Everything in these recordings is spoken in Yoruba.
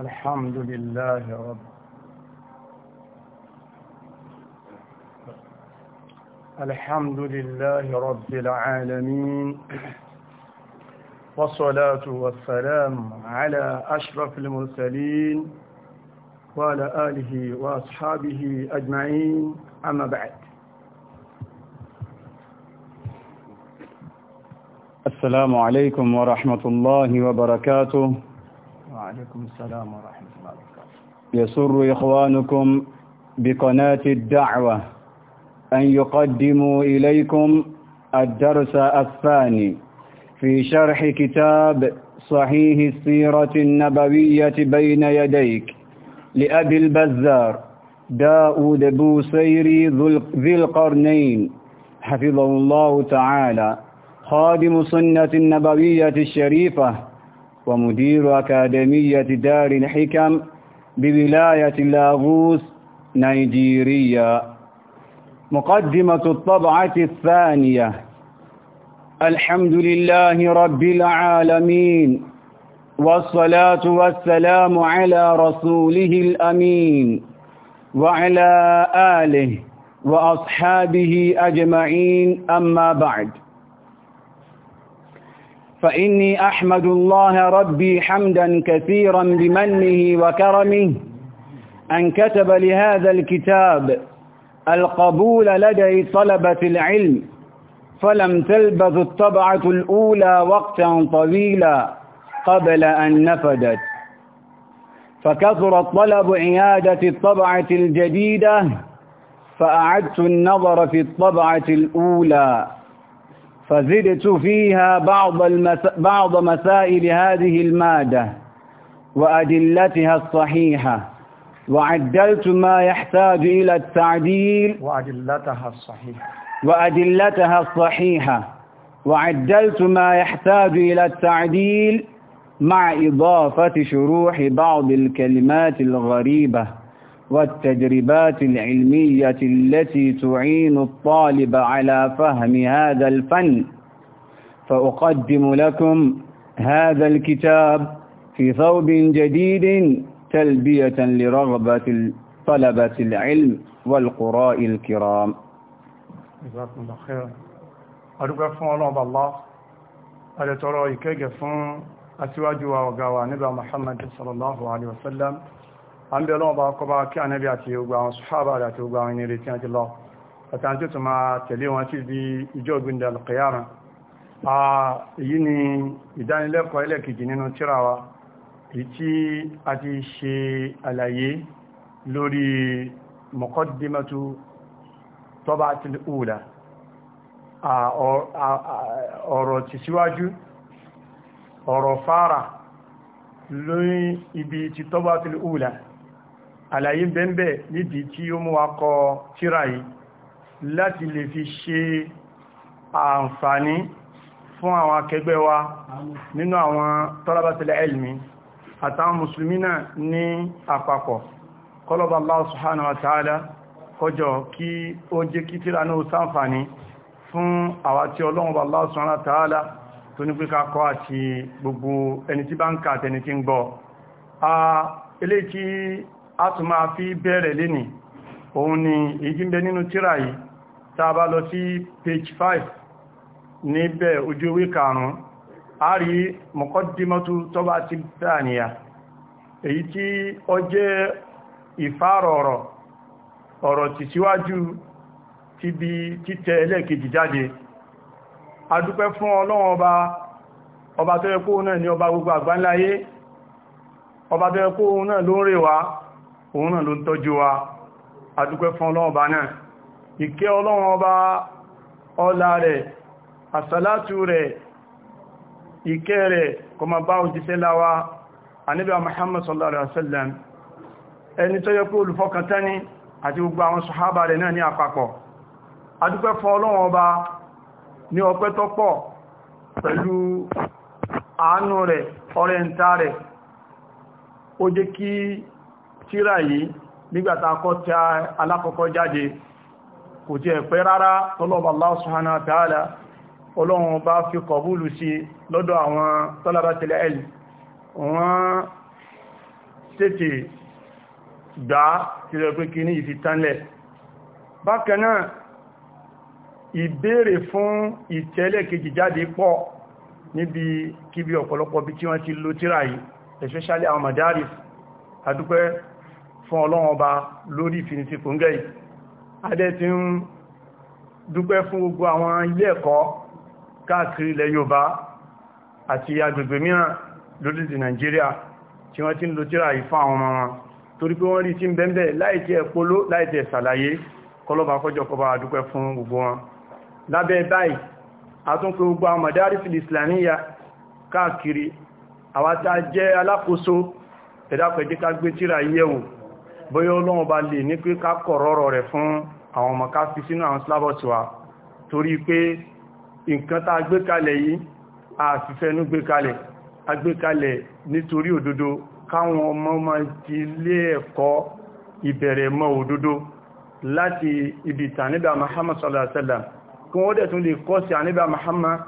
الحمد لله رب الحمد لله رب العالمين والصلاة والسلام على أشرف المرسلين وعلى آله وأصحابه أجمعين أما بعد السلام عليكم ورحمة الله وبركاته وعليكم السلام ورحمة الله وبركاته يسر إخوانكم بقناة الدعوة أن يقدموا إليكم الدرس الثاني في شرح كتاب صحيح السيرة النبوية بين يديك لأبي البزار داود بوسيري ذي القرنين حفظه الله تعالى خادم سنة النبوية الشريفة ومدير أكاديمية دار الحكم بولاية لاغوس نيجيريا مقدمة الطبعة الثانية الحمد لله رب العالمين والصلاة والسلام على رسوله الأمين وعلى آله وأصحابه أجمعين أما بعد فإني أحمد الله ربي حمدا كثيرا بمنه وكرمه أن كتب لهذا الكتاب القبول لدي طلبة العلم فلم تلبث الطبعة الأولى وقتا طويلا قبل أن نفدت فكثر الطلب عيادة الطبعة الجديدة فأعدت النظر في الطبعة الأولى فزدت فيها بعض, المس... بعض مسائل هذه المادة وأدلتها الصحيحة وعدلت ما يحتاج إلى التعديل وأدلتها الصحيحة وأدلتها الصحيحة وعدلت ما يحتاج إلى التعديل مع إضافة شروح بعض الكلمات الغريبة والتجربات العلمية التي تعين الطالب على فهم هذا الفن فأقدم لكم هذا الكتاب في ثوب جديد تلبية لرغبة طلبة العلم والقراء الكرام جزاكم الله خير أدوك فون الله أدترى إكيك فون أسواج وغاوانب محمد صلى الله عليه وسلم a ń bẹ ọlọ́wọ́ bá kọba kí ànẹ́bí àti ogun àwọn sọ́hábà àti ogun àwọn ènìyàn tí wọ́n ti lọ àtàntí tó máa tẹ̀lé wọn sí di ìjọ ògbìndà alqiyama èyí ni ìdánilẹ́kọ̀ọ́ ẹlẹ́kejì nínú tírà wa èyí tí a ti ṣe àlàyé lórí muqaddimatu ibi ti tabatil ula àlàyé bẹ́ẹ̀bẹ̀ nídìí tí ó mú akọ tíra yìí láti lè fi ṣe àǹfààní fún àwọn akẹgbẹ́ wa nínú àwọn tọ́lábátẹ̀lẹ̀ elmi àtàwọn musulmi náà ní àpapọ̀ kọlọ̀bà Allah ta'ala kọjọ kí ó jẹ́ kí tíra náà ṣàǹfààní fún tí ta'ala tó ní pé kakọ́ àti gbogbo ẹni tí bá a tún máa fi bẹ̀rẹ̀ leni òun ni ìjínbẹ̀ n'inu tíra yìí ta ba lọ si page 5 ni ojú ìwé karùn a rí mọ̀kọ́dímọ́tú tó eyi ti dáníyà èyí tí ti siwaju ti bí a dupẹ fún ọlọ́run ọba ọba tó náà ọba gbogbo ọba náà ló òun náà ló ń tọ́jú wa adúpẹ́ fún ọlọ́run ọba náà ìkẹ́ ọlọ́run ọba ọlá rẹ̀ àsàlátù rẹ̀ ìkẹ́ rẹ̀ kó bá òjíṣẹ́ láwa ànábì Muhammad sallallahu ni rẹ̀ náà ní àpapọ̀ rẹ̀ ó jẹ́ kí tíra yìí nígbàtà kọ́ tí alákọ̀ọ́kọ́ jáde kò jẹ́ pẹ́ rárá tọ́lọ́bà Allah subhanahu wa ta'ala ọlọ́run bá fi kọ̀búlù sí lọ́dọ̀ àwọn tọ́lábátẹ̀lẹ̀ ẹ̀lì wọ́n tètè gbá tíra pé kí ní ìfitánlẹ̀ bákanáà ìbéèrè fún ìtẹ́lẹ̀ kejì jáde pọ̀ níbi kíbi ọ̀pọ̀lọpọ̀ bí tí wọ́n ti lo tíra yìí especially àwọn madaris adúpẹ́ fún ọlọ́run ọba lórí ìfinitì kòńgẹ́ yìí adẹ́ ti ń dúpẹ́ fún gbogbo àwọn ilé ẹ̀kọ́ káàkiri ilẹ̀ Yorùbá àti agbègbè mìíràn lórílẹ̀-èdè Nàìjíríà tí wọ́n ti ń lo tírà yìí fún àwọn ọmọ wọn torí pé wọ́n rí tí ń bẹ́ẹ̀ láìtí ẹ̀poló láìtí ẹ̀sàlàyé kọlọ́bà kọjọkọba àdúpẹ́ fún gbogbo wọn gbé tírà yẹ̀wò bóyá ọlọ́run bá lè ní pé ká kọ̀rọ̀rọ̀ rẹ̀ fún àwọn ọmọ ká fi sínú àwọn slavos wa torí pé nǹkan tá gbé kalẹ̀ yìí àfifẹ́nú gbé kalẹ̀ agbé kalẹ̀ nítorí òdodo káwọn ọmọ ọmọ ti lé ẹ̀kọ́ ìbẹ̀rẹ̀ mọ́ òdodo láti ibi tàníbà Muhammad sallallahu alaihi wasallam kí wọ́n dẹ̀ tún lè kọ́ sí àníbà Muhammad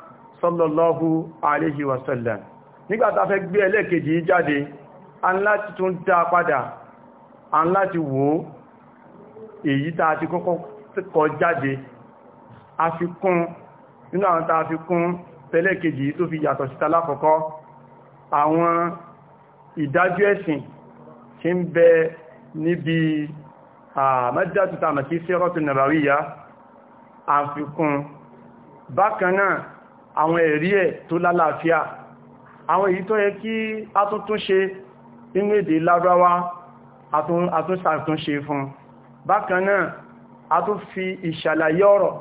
sallallahu alaihi wasallam nígbàtà fẹ́ gbé ẹlẹ́kejì jáde aláti tún dá padà a ń láti wò ó èyí tàà ti kọ́kọ́ kọ jáde àfikún nínú àwọn tàà fi kún tẹ́lẹ̀kejì tó fi yàtọ̀ síta lákọ̀ọ́kọ́ àwọn ìdájú ẹ̀sìn tí ń bẹ níbi àmẹ́dàtútà mẹ́kí sírọ́tù nàbàríyà àfikún bákanáà àwọn ẹ̀rí ẹ̀ tó lálàáfíà àwọn èyí tó yẹ kí a tuntun ṣe inú èdè lábáwá àtúnṣàtúnṣe fún bákan náà a tún fi ìṣàlàyé ọ̀rọ̀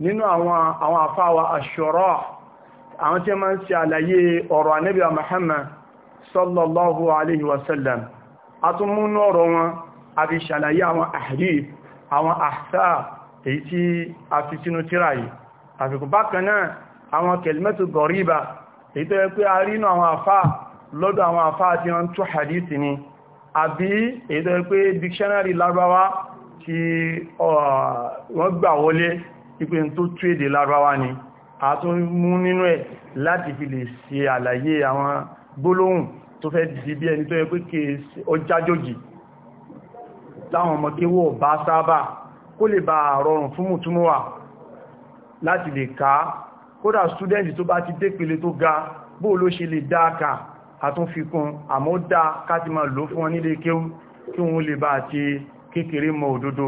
nínú àwọn àfáwà àṣọ́rọ̀ àwọn tí a máa ń ṣe àlàyé ọ̀rọ̀ Ànábì Muhammad sallallahu alaihi wasallam a tún múnú ọ̀rọ̀ wọn a fi ṣàlàyé àwọn ahadith àwọn àṣà èyí tí a fi sínú tíra yìí àfikún bákan náà àwọn kẹlmẹ́tù gọ̀ríbà èyí tó yẹ pé a rí nínú àwọn àfá lọ́dọ̀ àwọn àfá tí wọ́n tún àbí èyí pé dictionary lárúbáwá tí wọ́n gbà wọlé ipin tó trade lárúbáwá ni a tún mú nínú ẹ̀ láti fi lè ṣe àlàyé àwọn gbólóhùn tó fẹ́ di bí ẹni tó yẹ pé kí ọjájòjì láwọn ọmọ kéwò bá sábà kó lè bá rọrùn fún mùtúmùwà láti lè ká kódà student tó bá ti dépele tó ga bóò ló ṣe lè dáa kà àtúnfikún àmọ́ dá káti máa lò fún wọn nílé kéwú kí wọ́n lè bá ti kékeré mọ òdodo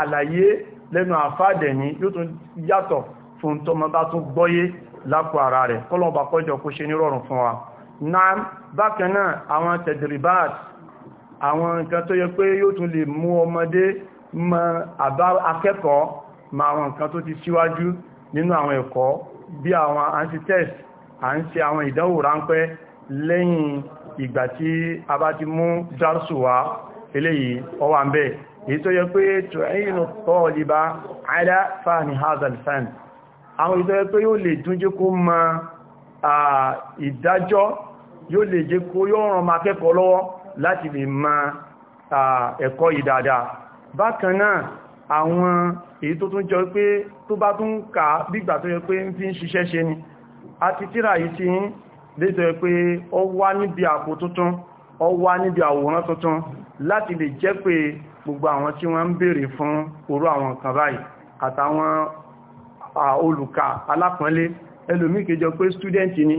àlàyé lẹ́nu àfáàdẹ̀ní yóò tún yàtọ̀ fún tọmọ bá tún gbọ́yé lápò ara rẹ̀ kọ́lọ̀ọ̀bà kọjọ kó ṣe nírọ̀rùn fún wa náà bákan náà àwọn tẹ̀dìrìbáàtì àwọn nǹkan tó yẹ test à ń ṣe àwọn ìdánwò ráńpẹ́ lẹ́yìn ìgbà tí a bá ti mú dárṣù wá eléyìí ọwà ń bẹ́ èyí tó yẹ pé tùrẹ́yìnù tọ́ọ̀lìbá àìdá fàánì hazalfan àwọn ìtọ́ yẹ pé yóò lè dúnjẹ́ kó ma ìdájọ́ yóò lè jẹ́ kó yóò ràn ma kẹ́kọ̀ọ́ lọ́wọ́ láti lè ma ẹ̀kọ́ yìí bákan náà àwọn èyí tó tún jọ pé tó bá tún kà bígbà tó yẹ pé ń fi ń ṣiṣẹ́ ṣe ni àti tíra yìí ti léṣẹ́ pé ó wá níbi àpò tuntun ó wá níbi àwòrán tuntun láti lè jẹ́ pé gbogbo àwọn tí wọ́n ń béèrè fún orú àwọn nǹkan báyìí àtàwọn olùkà alápọ̀nlé ẹlòmí kejọ pé student ni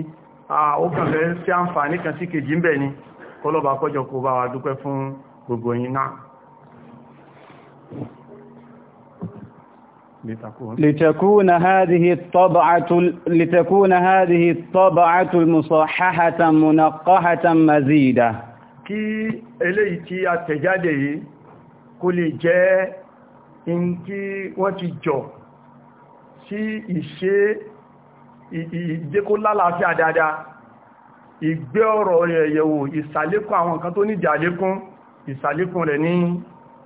ó kàn fẹ́ sí àǹfààní kan sí kejì ń ni kọlọ́bà kọjọ kó bá dúpẹ́ gbogbo لتكون هذه الطبعة لتكون هذه الطبعة المصححة منقحة مزيدة kí eléyìí tí a tẹ̀jáde yìí kó lè jẹ́ in tí wọ́n ti jọ sí ìṣe ìjẹ́kó lálàáfíà dáadáa ìgbé ọ̀rọ̀ ẹ̀yẹ̀wò ìsàlékún àwọn nǹkan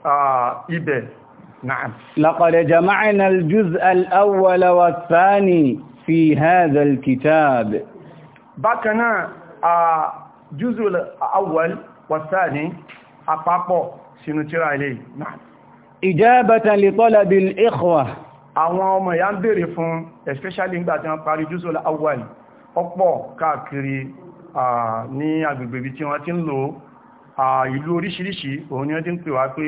tó نعم لقد جمعنا الجزء الأول والثاني في هذا الكتاب بكنا الجزء الأول والثاني أبابو سنترى إليه نعم إجابة لطلب الإخوة àwọn ọmọ ìyá ń bèèrè fún especially nígbà tí wọ́n parí jùsọ́ awwal ọ̀pọ̀ káàkiri ní agbègbè ibi tí wọ́n ti ń lò ìlú oríṣiríṣi òun ni wọ́n ti ń pè wá pé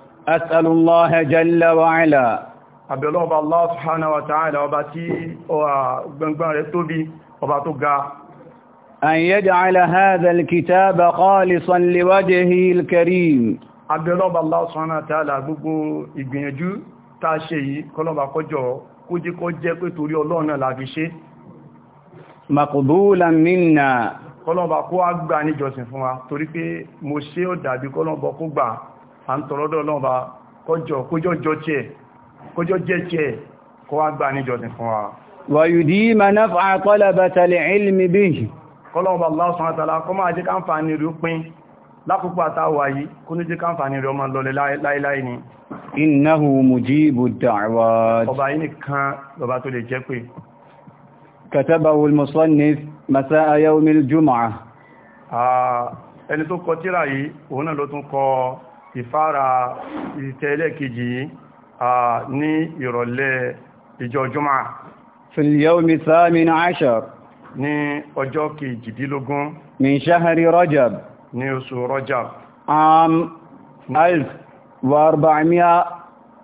أسأل الله جل وعلا àbẹ̀lọ́ ọba Allah subhanahu wa ta'ala ọba tí ọwà gbẹngbẹn rẹ̀ tóbi ọba tó ga. an yaj'ala hadha al-kitaba khalisan liwajhihi al-karim. àbẹ̀lọ́ ọba Allah subhanahu wa ta'ala gbogbo ìgbìyànjú tá a ṣe yìí kọlọ́ba kọjọ kó jí kó jẹ́ pé torí la fi ṣe. maqbulan minna. kọlọ́ba kó á gbà níjọsìn fún wa torí pé mo ṣe ó dàbí kọlọ́ba kó gbà à ń tọrọ dọ́ọ̀lọ́ bá kọjọ kójọ jọ tiẹ̀ kójọ jẹ́ tiẹ̀ kó wá gbà níjọ sí fún wa. wàyùdí ma náfà kọ́lábàtàlẹ̀ ilmi bí i kọ́lọ́ọ̀bà Allah subhanahu wa ta'ala kọ́ máa jẹ́ káǹfà ní rí pín lákòókò àtàwà yìí kó jẹ́ káǹfà ní ọmọ lọlẹ̀ láìláì ni ìfára ìtẹ́lẹ̀ kejì ní ìrọ̀lẹ́ ìjọ jùmọ́ fil yawmi thamin ashar ní ọjọ́ kejìdínlógún min shahri rajab ní oṣù rajab am alf wa arba'miya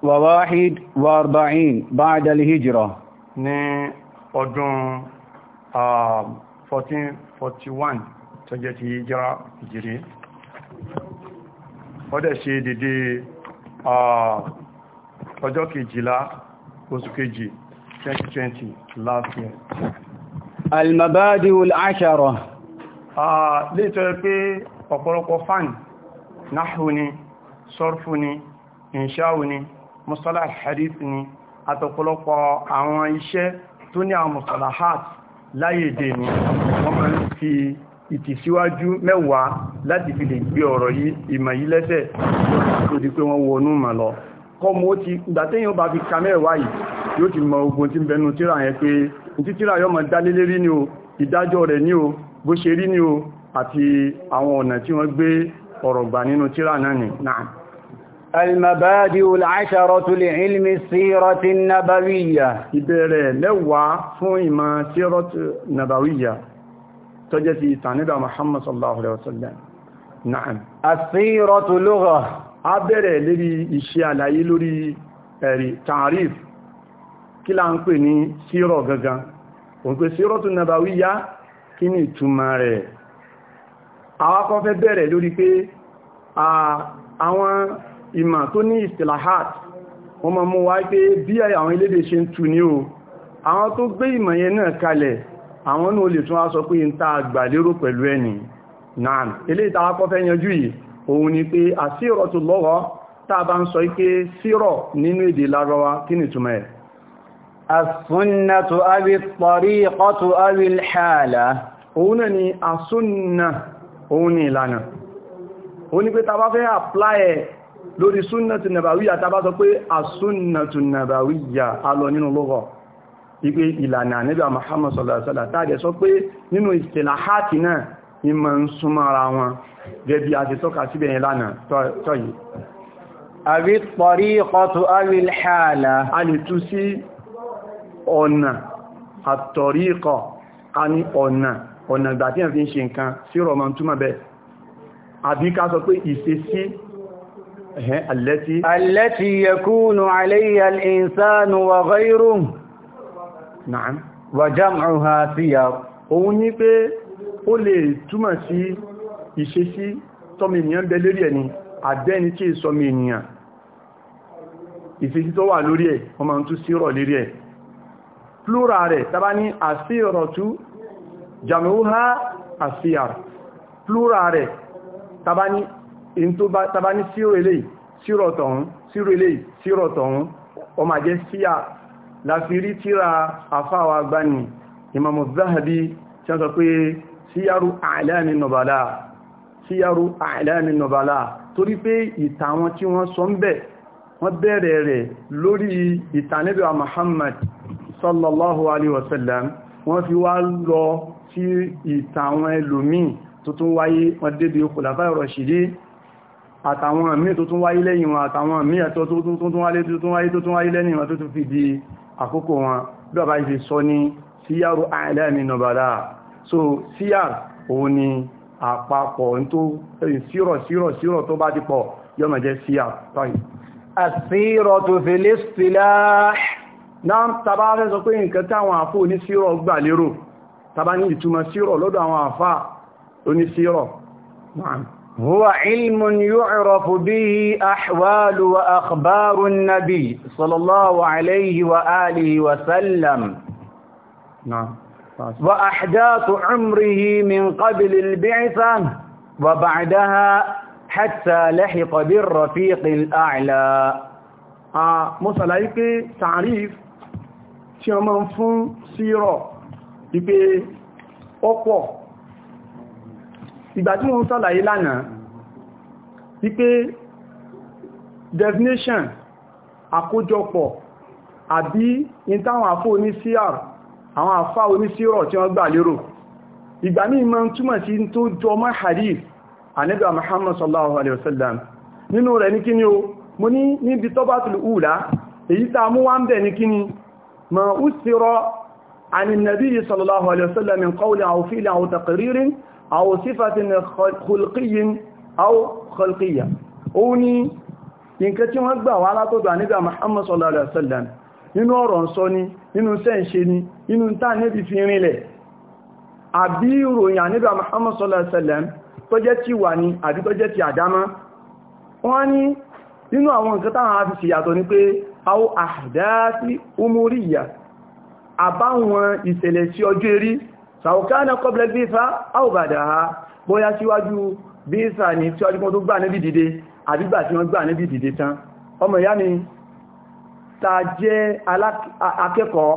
wa wahid wa arba'in ba'da al-hijra ní ọdún 1441 tó jẹ́ ti hijra ìjìrí wọ́n dẹ̀ ṣe dédé ọjọ́ kejìlá oṣù kejì 2020 last year al-mabadi'u al-ashara lè tọ́ pé ọ̀pọ̀lọpọ̀ fáìn náhù ni sọ́rfù ni hadith ni àtọ̀pọ̀lọpọ̀ àwọn iṣẹ́ tó ní àwọn mọ́sálà hàt láyé dè ni wọ́n fi ìtìsíwájú mẹ́wàá láti fi lè gbé ọ̀rọ̀ yìí ìmọ̀ yìí lẹ́sẹ̀ tó di pé wọ́n wọnú mà lọ kọmọ ti ìgbàtẹ́yìn bá fi ka mẹ́wàá yìí yóò ti mọ ogun tí ń bẹnu tíra yẹn pé tí tíra yọ mọ̀ dálélé rí ni o ìdájọ́ rẹ̀ ni o bó ṣe rí ni o àti àwọn ọ̀nà tí wọ́n gbé ọ̀rọ̀ gbà nínú tíra náà ni المبادئ العشرة لعلم السيرة النبوية ìbẹ̀rẹ̀ mẹ́wàá fún ìmọ̀ síra tó jẹ́ ti ìtànídà Muhammad sallallahu alaihi wasallam na'am asiratu lugha a bẹ̀rẹ̀ lórí iṣẹ́ àlàyé lórí ẹ̀rí ta'rif kí la ń pè ní sírọ̀ gangan òun pé síratu nabawiyya kí ni ìtumọ̀ rẹ̀ àwọn kan fẹ́ bẹ̀rẹ̀ lórí pé àwọn ìmọ̀ tó ní istilahat wọ́n mọ̀ mú wáyé pé bí àwọn ilédè àwọn náà lè tún á sọ pé ń ta àgbàlérò pẹ̀lú ẹni náà ilé ìtawà kọfẹ́ yanjú yìí òun ni pé àsírọ̀ tó lọ́rọ̀ tàà bá ń sọ ike sírọ̀ nínú èdè larawa kí ni túnmọ̀ ẹ̀ asúnnàtò àbí pọ̀rí wípé ìlànà àníbà Muhammad sọ̀lọ̀sọ̀lọ̀ tàbí sọ pé nínú ìsìláhàtì náà ní ma ń súnmọ́ ara wọn gẹ́bí a ti tọ́ka síbẹ̀ yẹn lánàá tọ́yìí àbí pọ̀rí ọkọ̀tù alìlhàlá a lè tú sí ọ̀nà àtọ̀rí ikọ̀ a wàjámọ̀ha síyà òun ní pé ó lè túmọ̀ sí ìṣesí tọ́mì ènìyàn bẹ lórí ẹni àbẹ́ni tí ìsọmì ènìyàn ìṣesí tó wà lórí ẹ̀ ọmọ tó sírọ̀ lórí ẹ̀ plural rẹ̀ tàbá ní àsírọ̀tú jàmíhá àsíyàr plural rẹ̀ tàbá ní sírọ̀ eléyìí sírọ̀ tọ̀hún sírọ̀ eléyìí síyàr láfírí tíra àfáwà agbáni imamu zahabi tí wọ́n sọ pé síyárú àìlẹ́ni nọ̀bàlá síyárú àìlẹ́ni nọ̀bàlá torí pé ìtàwọn tí wọ́n sọ ń bẹ̀ wọ́n bẹ̀rẹ̀ rẹ̀ lórí ìtànẹ́bẹ̀wà Muhammad sallallahu alaihi wasallam wọ́n fi wá lọ sí ìtàwọn ẹlòmíì tó tún wáyé wọ́n dédé khulafa rashidi àtàwọn míì tó tún wáyé lẹ́yìn tó tún wáyé lẹ́yìn tó tún fi di àkókò wọn bí ọba ìṣe sọ ní síyàrù àìlẹ́mì nọ̀bàlá so síyàr òun ni àpapọ̀ tó eh, sírọ̀ sírọ̀ sírọ̀ tó bá dípọ̀ yọ́mọ̀ jẹ́ síyàr tọ́yì àsírọ̀ tó fi lè sílá náà tàbá fẹ́ sọ pé nǹkan táwọn àfó ní sírọ̀ gbà lérò tàbá ní ìtumọ̀ sírọ̀ هو علم يعرف به أحوال وأخبار النبي صلى الله عليه وآله وسلم نعم وأحداث عمره من قبل البعثة وبعدها حتى لحق بالرفيق الأعلى مصلايك تعريف tí ọmọ fún sírọ̀ ipé ìgbà tí wọ́n sàlàyé lánàá wípé definition àkójọpọ̀ àbí in táwọn àfá oníṣíàr àwọn àfá oníṣíọ̀rọ̀ tí wọ́n gbà lérò ìgbà míì máa ń túmọ̀ sí tó jọ mọ́ hadith ànábì Muhammad sallallahu alaihi wasallam nínú rẹ̀ ní kíni o mo ní níbi tọ́bátùl ula èyí tá mú wá ń bẹ̀ ní kíni ma usira عن النبي صلى الله عليه وسلم من قول أو فعل أو تقرير أو صفة خلقي أو خلقية أوني nǹkan tí wọ́n gbà wá látọ̀dọ̀ àníbà Muhammad sallallahu alaihi wasallam nínú ọ̀rọ̀ sọ ni nínú sẹ́ǹṣe ni nínú tàà níbi fi rinlẹ̀ àbí ìròyìn àníbà Muhammad sallallahu alaihi wasallam tó jẹ́ ti wà ní àbí tó jẹ́ ti àdámá wọ́n ní nínú àwọn nǹkan táwọn afi sì yàtọ̀ ni pé aw ahdathi umuriyya àbáwọn ìṣẹ̀lẹ̀ sí ọjọ́ erí sàwọ̀kánà kọ́blẹ̀ bífà áwòbàdà ha bóyá síwájú bífà ní síwájú kan tó gbà níbi dìde àbígbà tí wọ́n gbà níbi dìde tán ọmọ ìyá mi ta jẹ́ akẹ́kọ̀ọ́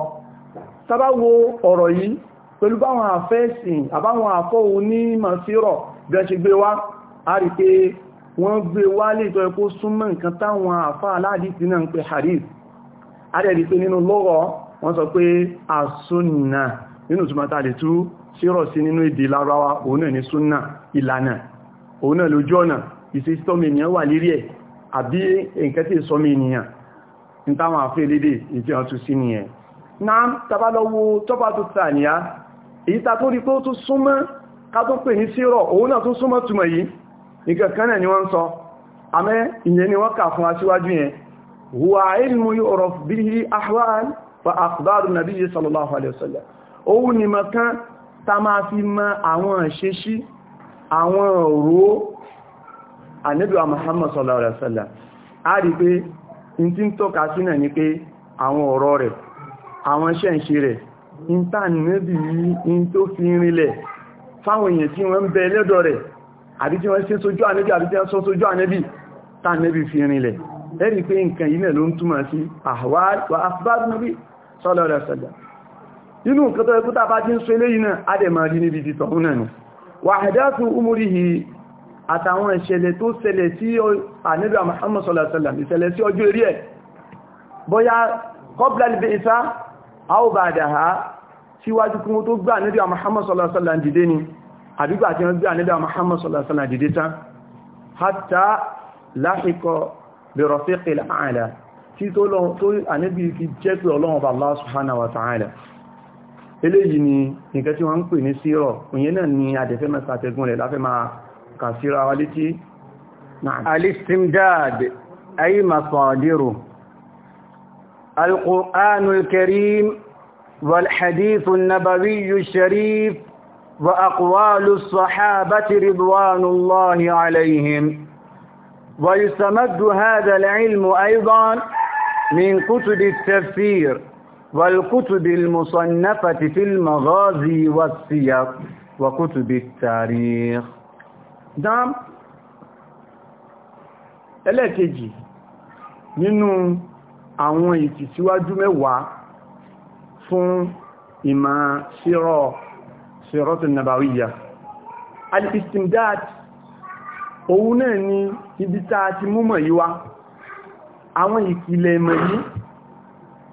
sábáwo ọ̀rọ̀ yìí pẹ̀lú báwọn àfẹ́sìn àbáwọn àfọ́ onímọ̀ sírọ̀ bẹ́ẹ̀ ṣe gbé wá a rí pé wọ́n gbé wá lè tọ́ ẹkó súnmọ́ nǹkan sọ pé àsúnnà nínú ìtumọ̀ta lè tú sírọ̀ sí nínú èdè larawa òun náà ní súnà ìlànà òun náà lójú ọ̀nà ìsìsítọ́mì ènìyàn wà lérí ẹ̀ àbí nǹkan tí ìsọmì ènìyàn ní táwọn àfẹ́ lédè ìdí ọ̀tún sí nìyẹn náà tabalọ́wọ́ tọ́pá tó tà níyà èyí ta tó rí pé ó tún súnmọ́ ká tó pè ní ni wọ́n ń sọ àmẹ́ ìyẹn ni wọ́n kà fún aṣíwájú yẹn huwa òun ni mọ̀kán ta máa fi mọ àwọn ìṣesí àwọn òró àníbíwà Muhammad sallallahu alaihi wasallam a rí pé in ti ń tọ́ka sí náà ni pé àwọn ọ̀rọ̀ rẹ̀ àwọn iṣẹ́ ìṣe rẹ̀ in tà níbi in tó fi rinlẹ̀ fáwọn èèyàn tí wọ́n ń bẹ lẹ́dọ̀ rẹ̀ àbí tí wọ́n ṣe sójú ànẹ́bí àbí tí wọ́n sọ sójú ànẹ́bí tà níbi fi rinlẹ̀ ẹ̀rí pé nǹkan yìí náà ló ń túmọ̀ sí ahwal wa asbab nabi sallallahu alaihi wasallam inú nǹkan tó ẹkútà bá jí ń so eléyìí náà adẹ̀mà rí níbi ti tọ̀hún náà ni wà àdáṣù umurihi àtàwọn ìṣẹ̀lẹ̀ tó ṣẹlẹ̀ sí ànábì Muhammad sallallahu alaihi wasallam ìṣẹ̀lẹ̀ sí ọjọ́ orí ẹ̀ bóyá qabla al-bi'sa aw ba'daha síwájú kí wọ́n tó gbà ànábì Muhammad sallallahu alaihi wasallam dìde ni àdúgbà tí wọ́n gbà ànábì Muhammad sallallahu alaihi wasallam eléyìí ni nǹkan tí wọ́n ń pè ní sírọ̀ òyìn náà ni àdẹ̀fẹ́ máa sàtẹ̀gùn rẹ̀ láfẹ́ máa kà síra wa létí الاستمداد أي مصادره القرآن الكريم والحديث النبوي الشريف وأقوال الصحابة رضوان الله عليهم ويستمد هذا العلم أيضا من كتب التفسير والكتب المصنفة في المغازي والسياق وكتب التاريخ دام ẹlẹ́kejì nínú àwọn ìtìsíwájú mẹ́wàá fún ìmọ̀ sírọ̀ sírọ̀tù nàbàwíyà al-istimdad òun náà ni ibi ti múmọ̀ yíwá àwọn ìpìlẹ̀ ìmọ̀ yìí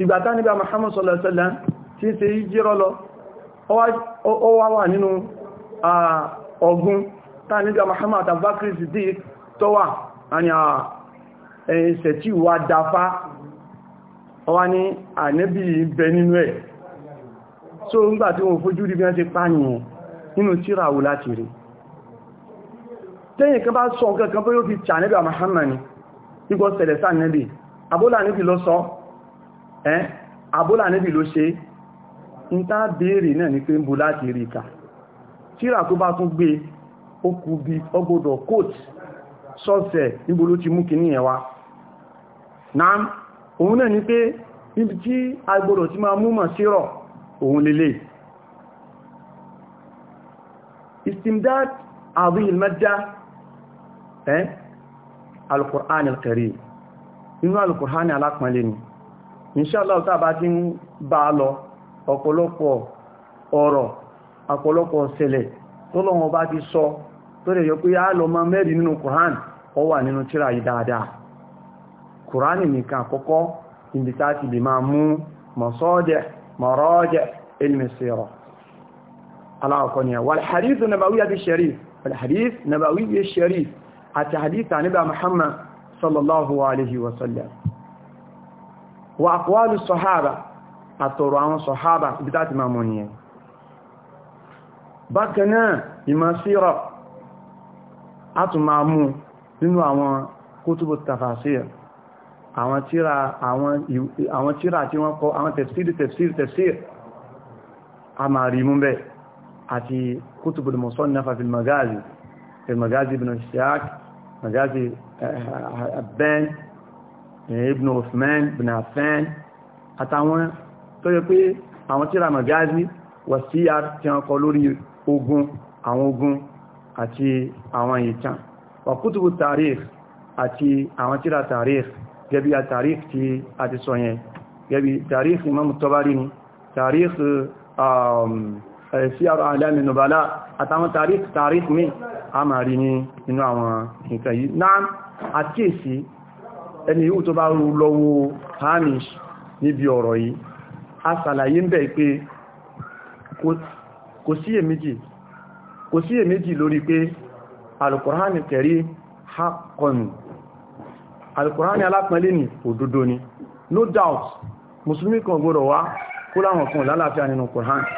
ìgbàtá níbi Muhammad sallallahu alaihi wasallam tí ṣe jíjírọ́ lọ ó wá wà nínú ọgbùn tá níbi Muhammad àtàbákìrì sí tí tó wà àni ẹ̀ṣẹ̀ tí wà dáfá ọwá ní ànẹ́bì bẹ nínú ẹ̀ so ń gbà tí wọ́n fojú rí bí wọ́n ti pààyàn nínú Muhammad ní gbọ́ sẹ̀lẹ̀ sáà nẹ́bì abúlà níbi lọ ẹ́ abúlà níbi ló ṣe ń tá béèrè náà ní pé ń bú láti rí ìka tíra tó bá tún gbé ó bí ọgbọ́dọ̀ coat sọ́ọ̀sẹ̀ níbo ló ti mú náà òun náà pé níbi tí agbọ́dọ̀ ti máa múmọ̀ sírọ̀ òun lélẹ̀ inshallah tàbá ti ń bá a lọ ọ̀pọ̀lọpọ̀ ọ̀rọ̀ ọ̀pọ̀lọpọ̀ ṣẹlẹ̀ tó lọ́wọ́ bá ti sọ tó lè yọ pé a lọ ma mẹ́rin nínú Qur'an ó wà nínú tírà yìí dáadáa Qur'an nìkan àkọ́kọ́ ìbìta ti lè máa mú masọ́jẹ̀ mọ̀rọ́jẹ̀ ilmi sirah aláwọ̀kọ́ ni wal wà àkọwàlù sọ̀hábà àtọ̀rọ̀ àwọn sọ̀hábà ibi táti máa mọ̀ nìyẹn bákanáà ìmọ̀ sírọ̀ a tún máa mú nínú àwọn kútùbù tafasir àwọn tíra tí wọ́n kọ àwọn tafsir tafsir tafsir a máa rí mú musannafa fil magazi fil magazi ibn ishaq magazi eh, eh, abban Eh, ibn Uthman ibn Affan àtàwọn tó yẹ pé àwọn tíra magazi wàsíyà tí wọ́n kọ lórí ogun àwọn ogun àti àwọn ìtàn wa kutubu tarikh àti àwọn tíra tarikh gẹ́bí a tarikh tí a ti sọ yẹn gẹ́bí tarikh imam Tabari ni tarikh um, eh, siyar alami nubala àtàwọn tarikh tarikh mi a máa rí ní inú àwọn ìtàn yìí ẹni yóò tó bá rú lọ́wọ́ hamish níbi ọ̀rọ̀ yìí a sàlàyé ń bẹ̀ pé kò sí èméjì lórí pé alukùránì kẹrí hakọnù alukùránì alápẹ́lẹ́ ni òdodo ni no doubt musulmi kan gbọ́dọ̀ wá kó láwọn kan lálàáfíà nínú kùránì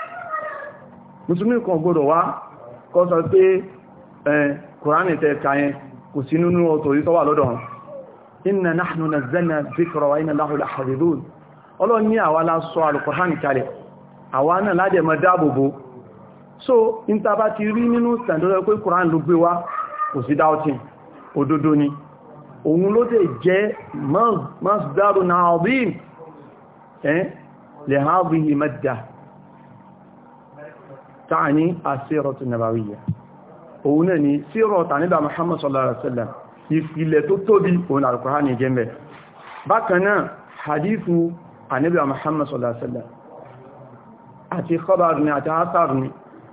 musulmi kan gbọ́dọ̀ wá kó sọ pé kùránì tẹ́ kàyẹn kò sí nínú ọ̀tọ̀ yìí tó lọ́dọ̀ inna nahnu nazzalna dhikra wa inna lahu lahafizun ọlọ́run ní àwa la sọ alukur'an kalẹ̀ àwa náà ládẹ̀ mọ́ dáàbòbò so in ta bá ti rí nínú sàndọ́rọ̀ pé kur'an ló gbé wá kò sí dáòtín òdodo ni òun ló tẹ̀ jẹ́ masdaru na'adhim eh li hadhihi madda ta'ani as ìfilẹ̀ tó tóbi òun alkùránì jẹ́ mẹ́ bákan náà hadithu ànábì Muhammad sallallahu alaihi wasallam àti khabar ni àti asar ni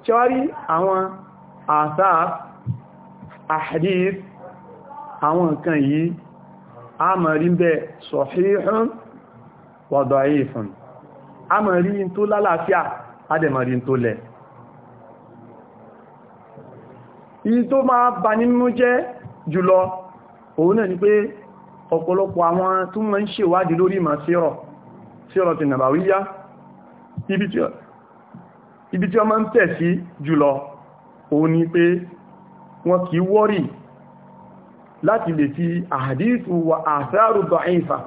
ṣọ́rí àwọn asar ahadith àwọn nǹkan yìí a mọ̀ rí bẹ́ sahihun wa da'ifun a mọ̀ rí tó lálàáfíà a rí tó lẹ̀ yìí tó máa bà nínú jẹ́ jùlọ òun náà ni pé ọ̀pọ̀lọpọ̀ àwọn tó mọ́ ń ṣèwádìí lórí ìmọ̀ sírọ̀ sírọ̀ ti nàbàwíyá ibi tí ọmọ ń tẹ̀ sí jùlọ òun ni pé wọn kì í wọ́rì láti lè fi àdífù wà àfẹ́rù dọ̀ífà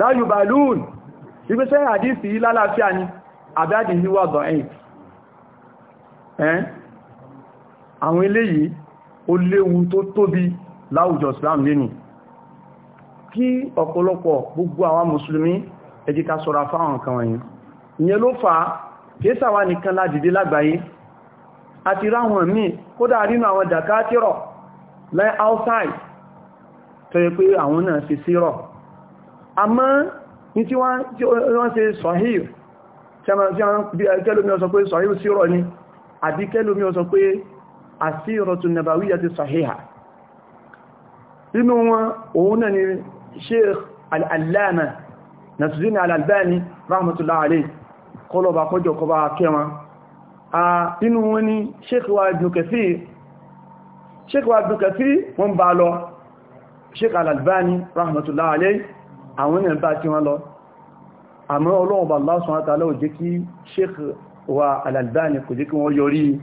láyù balún ìgbésẹ́ àdífì lálàáfíà tó tóbi láwùjọ islam lẹ́nu kí ọ̀pọ̀lọpọ̀ gbogbo àwọn mùsùlùmí ẹ jẹ́ ká ṣọ́ra fáwọn kan wọ̀nyí ìyẹn ló fà á kéèsà wá nìkan ládìdé lágbàáyé àti ráhùn mí kódà rínú àwọn dàkátírọ̀ lẹ́ outside tó yẹ pé àwọn náà ṣe sírọ̀ àmọ́ ní tí wọ́n ṣe sọ̀híl kẹlómi ó sọ pé sọ̀híl sírọ̀ ni àbí kẹlómi ó sọ pé àsírọ̀tún nàbàwíyà ti sọ̀híhà inú wọn òun náà ni sheikh al'allama Nasruddin al-Albani rahmatullahi alayhi kọlọba kọjọ kọba kẹwọn inú wọn ni sheikh wa Ibn Kathir sheikh wa Ibn Kathir wọ́n bá lọ sheikh al-Albani rahmatullahi alayhi àwọn ènìyàn bá tí wọ́n lọ àmọ́ ọlọ́run bá Allah subhanahu wa ta'ala ò jẹ́ kí sheikh wa al kò jẹ́ kí wọ́n yọrí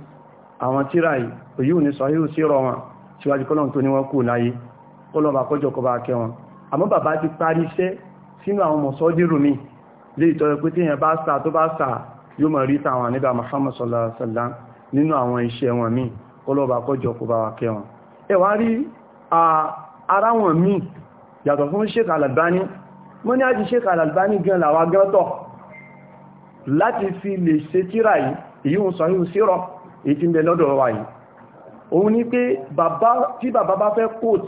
àwọn tíra yìí òyí ò ní sọ ò sí rọ wọn síwájú kọ́lọ̀n tó ní wọ́n kú láyé kọlọ̀bà kọjọ kọba akẹ́ wọn àmọ́ bàbá ti parí iṣẹ́ sínú àwọn mọ̀sọ́dírù mi lè tọ́rọ pé tí èèyàn bá sà tó bá sà yóò mọ̀ rí tàwọn àníbà Muhammad sallallahu alaihi wasallam nínú àwọn iṣẹ́ wọn míì kọlọ̀bà kọjọ kọba akẹ́ wọn ẹ wá rí ara wọn míì yàtọ̀ fún Sheikh Al-Albani mo ní àti Sheikh Al-Albani òun ni pé bàbá tí bàbá bá fẹ́ kóòtù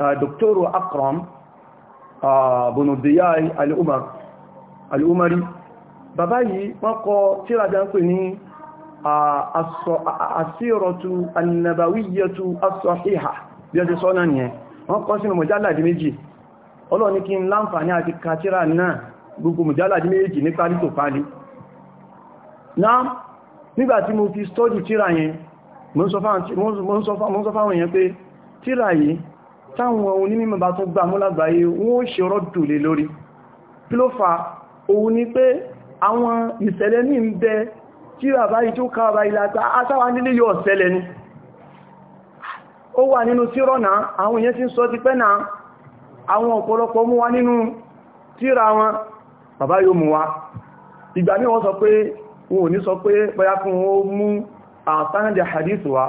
دكتور أكرم بن الضياء الأمر الأمري bàbá yìí wọ́n kọ tíra jẹ́ ń pè ní àṣírọ̀tù annabawiyyatu as-sahiha bí ó ti sọ́nà nìyẹn wọ́n kọ sínú mọ̀jálàdì méjì ọlọ́ni kí n láǹfààní àti kàtíra náà gbogbo mọ̀jálàdì méjì ní pálí tó pálí náà nígbàtí mo fi stọ́dì tíra yẹn mo sọ fáwọn yẹn pé tíra yìí táwọn onímọ̀ bá tún gbà mú lágbàáyé wọ́n ṣe rọ́dù lé lórí kí ló fa òun ni pé àwọn ìṣẹ̀lẹ̀ ní ń bẹ tí bàbá yìí tó ìlàta asáwà nílé yóò ṣẹlẹ̀ ni ó wà nínú tírọ̀nà àwọn èèyàn ti ń sọ ti pẹ́ náà àwọn ọ̀pọ̀lọpọ̀ mú wa nínú tíra wọn bàbá yóò mú wa ìgbà ní wọ́n sọ pé wọn ò ní sọ pé bóyá kún ó mú àtàndì hadith wa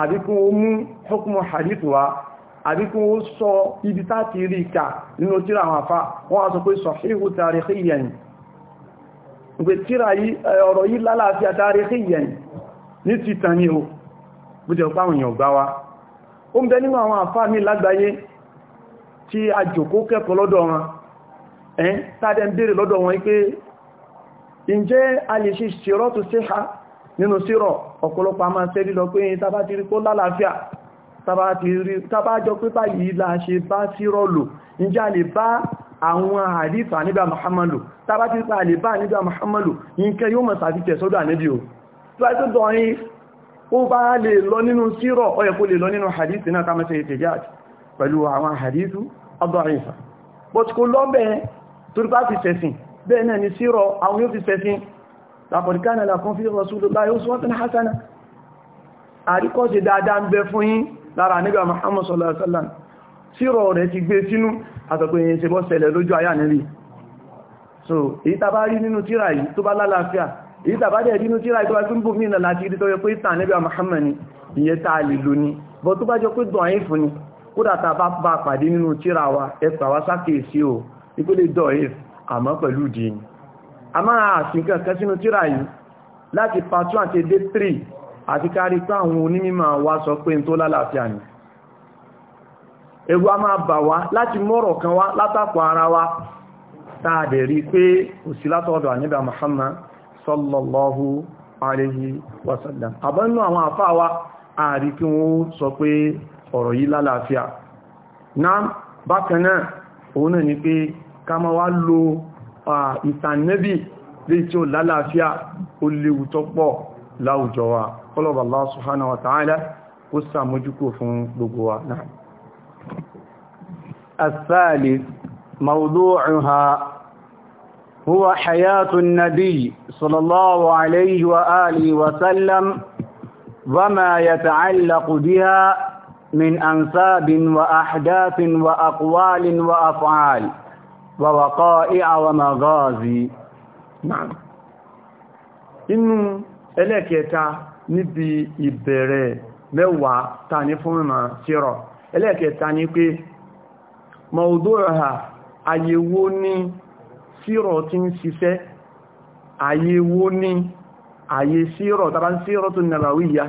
àbí ó mú hukumu hadith wa àbí kí wọ́n sọ ibi táti rí ìkà nínú tíra àwọn àfá wọ́n a sọ pé sọ̀híhù tarikhiyan ìgbè tíra ọ̀rọ̀ yìí lálàáfíà tarikhiyan ní ti tàn ní o bújẹ̀ páwọn èèyàn gbá wa ó ń bẹ nínú àwọn àfá mi lágbàáyé tí a jòkó kẹ́kọ̀ọ́ lọ́dọ̀ wọn ẹ́n tàdẹ̀ tàbájọ pé báyìí la ṣe bá sírọ̀lò ìjá lè bá àwọn àdífà nígbà Muhammadu tàbá ti pa lè bá nígbà Muhammadu yínkẹ́ yóò mọ̀ sàfi tẹ̀sọ́dọ̀ àníbí o ó bá lè lọ nínú sírọ̀ ó yẹ kó lè lọ nínú hadith náà kàmẹ́sẹ̀ ìtẹ̀jáàj hadithu ọdọ́rìnfà but kò lọ bẹ́ẹ̀ torípá fi sẹ̀sìn bẹ́ẹ̀ náà ni sírọ̀ àwọn yóò fi sẹ̀sìn lápọ̀dìkánà lákún fi hasana àríkọ́ṣe dáadáa ń bẹ fún yín lára nígbà Muhammad sallallahu alaihi wasallam tíro rẹ̀ ti gbé sínú àtọ̀pẹ̀ èyí ṣe bọ́ ṣẹlẹ̀ lójú àyà nílì so èyí tàbá rí nínú tíra yìí tó bá lálàáfíà èyí tàbá dẹ̀ nínú tíra yìí tó bá tún bò mìíràn láti rí tó yẹ pé tàn níbi Muhammad ni ìyẹ́ ta lè lò ní bọ́ tó bá jọ pé dùn àyín fún ni kódà ta bá bá pàdé nínú tíra wa ẹpà wá sákèèsí o ìpele dọ̀ẹ́ àmọ́ pẹ̀lú dìín a máa àṣìkan kan sínú tíra àti kárí pé àwọn onímọ̀ wa sọ pé n tó lálàáfíà ni ewu a máa bà wá láti mọ́rọ̀ kan wá látàkọ̀ ara wa táà rí pé kò sí látọ̀ọ̀dọ̀ àníbà Muhammad sallallahu alaihi wasallam àbọ́nú àwọn àfáà wa àrí kí wọ́n sọ pé ọ̀rọ̀ yìí lálàáfíà náà bákan náà òun náà ni pé ká máa tí ó lálàáfíà ó léwu tó pọ̀ láwùjọ wa kọlọ̀bà الله سبحانه وتعالى ta'ala ó sàmójúkò نعم الثالث موضوعها هو حياة النبي صلى الله عليه وآله وسلم وما يتعلق بها من أنساب وأحداث وأقوال وأفعال ووقائع ومغازي نعم إنه إليك يتعلق níbi ìbẹ̀rẹ̀ mẹ́wàá ta ní fún ìmọ̀ sírọ̀ ẹlẹ́ẹ̀kẹta ní pé mọ̀ọ̀dọ́rọ̀hà àyèwò ní sírọ̀ tí ń ṣiṣẹ́ àyèwò ní àyè sírọ̀ tàbá sírọ̀ tún nàbàwíyà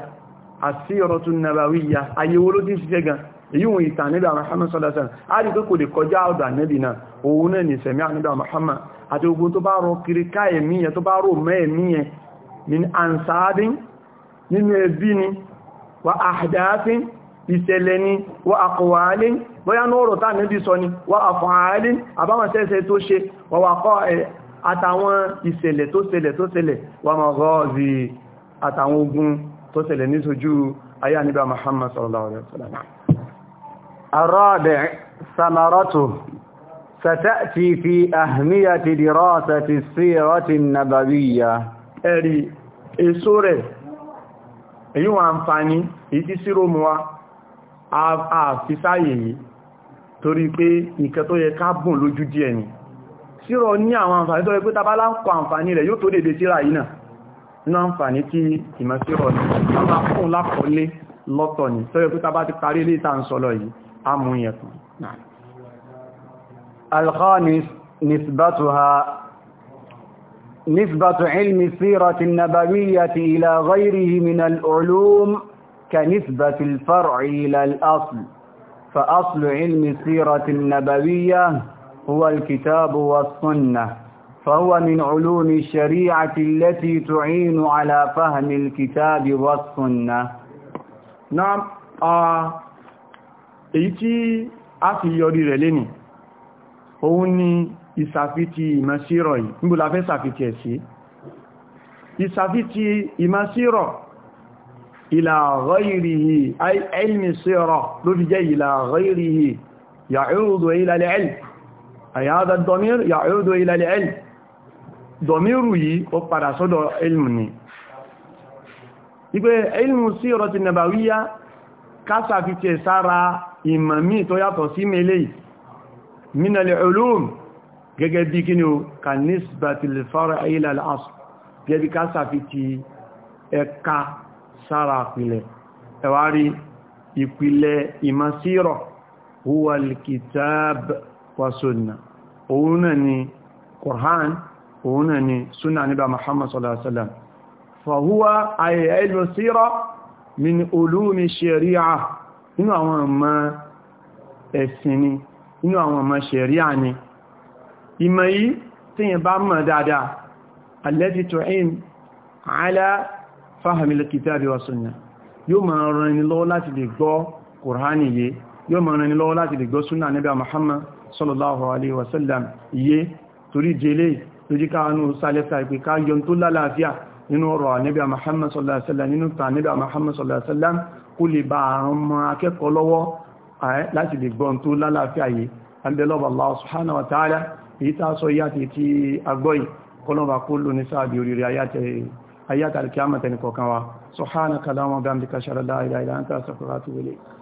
àsírọ̀ tún nàbàwíyà àyèwò ló ti ṣiṣẹ́ gan èyíwò ìtàn níbi Muhammad sallallahu alaihi wasallam a rí pé kò lè kọjá ọ̀dà níbi náà òun náà ní sẹ̀mí àníbà Muhammad àti ogun tó bá rọ kiri káyẹ̀mí yẹn tó bá rò mẹ́ẹ̀mí yẹn min ansabin nínú ẹbí ni wà àdááfin ìṣẹ̀lẹ̀ ni wà àkọwàálín bóyá ní ọ̀rọ̀ tàà níbi sọ ni wà àfààálín àbámọ̀sẹ́sẹ́ tó ṣe wà wà kọ́ àtàwọn ìṣẹ̀lẹ̀ tó ṣẹlẹ̀ tó ṣẹlẹ̀ wà mọ̀gọ́ọ̀zì àtàwọn ستأتي في أهمية دراسة السيرة النبوية أري السورة èyí wọn àǹfààní èyí tí sí rómù wa àfisáyè yìí torí pé nǹkan tó yẹ ká bùn lójú díẹ̀ ni sírọ ní àwọn àǹfààní tó yẹ pé tabbá láǹkọ àǹfààní rẹ̀ yóò tó dèdè síra yìí náà nínú àǹfààní tí ìmọ̀ sírọ ní tabbá fún lápọ̀lé lọ́tọ̀ ni tó نسبة علم السيرة النبوية إلى غيره من العلوم كنسبة الفرع إلى الأصل فأصل علم السيرة النبوية هو الكتاب والسنة فهو من علوم الشريعة التي تعين على فهم الكتاب والسنة نعم آه إيتي أفي يوري رليني هوني ìsàfitì ìmọ̀sírọ̀ yìí níbo la fẹ́ sàfitì ẹ̀ sí ìsàfitì ìmọ̀sírọ̀ ìlà ghairihi ilmi sírọ̀ ló fi jẹ́ ìlà ghairihi ya'udu ila al-ilm àyáza dọmír ya'udu ila al-ilm dọmíru yìí ó padà sọ́dọ̀ ilmù ni ipé ilmù gẹ́gẹ́ bí kí ni ó ka nisbatil fara ila al-asl gẹ́bí ká sàfi ti ẹka sára ìpìlẹ̀ ẹwárí ìpìlẹ̀ ìmọ̀sírọ̀ huwa al-kitab wa sunna òun náà ni Qur'an òun náà ni sunna níbà Muhammad sallallahu alaihi wasallam fa ìmọ̀ yìí tí yẹn bá mọ̀ dáadáa alẹ́tí tó ẹ̀yìn alá fáhàmìlẹ̀ kìtàbí wa sunna yóò ma ràn ní lọ́wọ́ láti lè gbọ́ kùránì yé yóò ma ràn ní lọ́wọ́ láti lè gbọ́ súnà nígbà Muhammad sallallahu alaihi wasallam yé torí jẹ́lé lójíká anú sálẹ́sà ìpé ká yọ tó lálàáfíà nínú ọ̀rọ̀ nígbà Muhammad sallallahu alaihi wasallam nínú ta nígbà Muhammad sallallahu alaihi láti lè gbọ́n tó lálàáfíà yé àbẹ̀lọ́bà Allah subhanahu wa ta'ala èyí tá sọ yá ti ti agbọ́yì kọlọ́bà kó lò ní sáàbì oríire ayátàlì kí á mọ̀tẹ̀ nìkọ̀ọ̀kan wa subhanaka allahumma wa bihamdika ashhadu an la ilaha illa anta